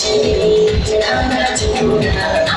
집이 하나 둘다